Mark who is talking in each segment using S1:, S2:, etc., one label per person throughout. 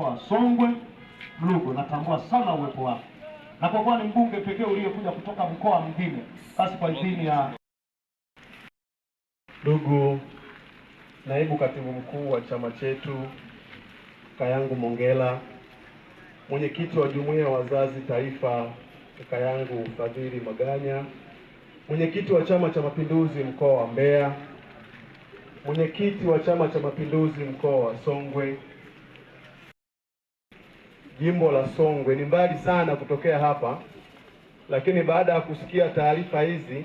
S1: mkoa wa Songwe Mlugo, natambua sana uwepo wako, na kwa kuwa ni mbunge pekee uliyekuja kutoka mkoa mwingine, basi kwa idhini ya
S2: ndugu naibu katibu mkuu wa chama chetu kayangu Mongela, mwenyekiti wa jumuiya ya wazazi taifa kayangu Fadhili Maganya, mwenyekiti wa chama cha mapinduzi mkoa wa Mbeya, mwenyekiti wa chama cha mapinduzi mkoa wa Songwe jimbo la Songwe, ni mbali sana kutokea hapa, lakini baada ya kusikia taarifa hizi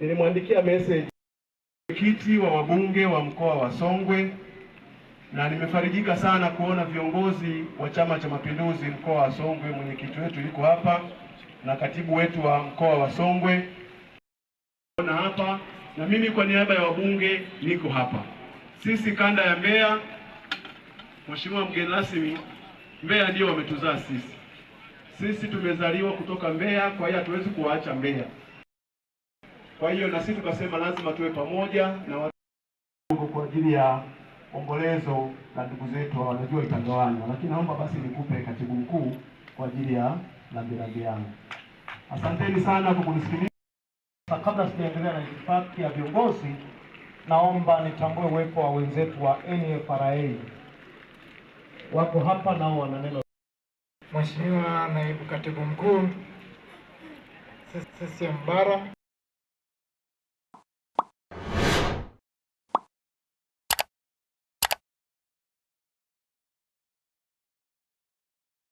S2: nilimwandikia message mwenyekiti wa wabunge wa mkoa wa Songwe, na nimefarijika sana kuona viongozi wa Chama cha Mapinduzi mkoa wa Songwe, mwenyekiti wetu yuko hapa na katibu wetu wa mkoa wa Songwe na hapa na mimi kwa niaba ya wabunge niko hapa. Sisi kanda ya Mbeya, Mheshimiwa mgeni rasmi Mbeya ndio wametuzaa sisi, sisi tumezaliwa kutoka Mbeya, kwa hiyo hatuwezi kuwaacha Mbeya. Kwa hiyo na sisi tukasema lazima tuwe pamoja na watu kwa ajili ya ombolezo la ndugu zetu, wanajua itagawanywa, lakini naomba basi nikupe katibu mkuu kwa ajili ya rambirambi yangu. Asanteni sana kwa kunisikiliza. Kabla sijaendelea na itifaki ya viongozi, naomba nitambue uwepo wa wenzetu wa NFRA wako hapa nao wana neno. Mheshimiwa Naibu Katibu Mkuu CCM Bara